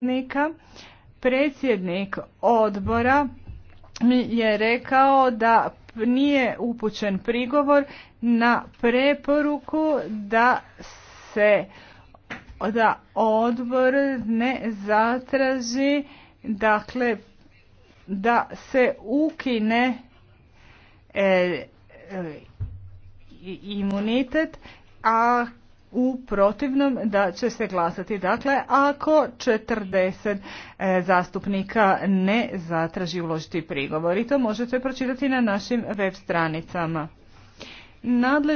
predsjednika. Predsjednik odbora mi je rekao da nije upućen prigovor na preporuku da se da odbor ne zatraži dakle da se ukine e, e imunitet a u protivnom da će se glasati. Dakle, ako 40 e, zastupnika ne zatraži uložiti prigovor i to možete pročitati na našim web stranicama.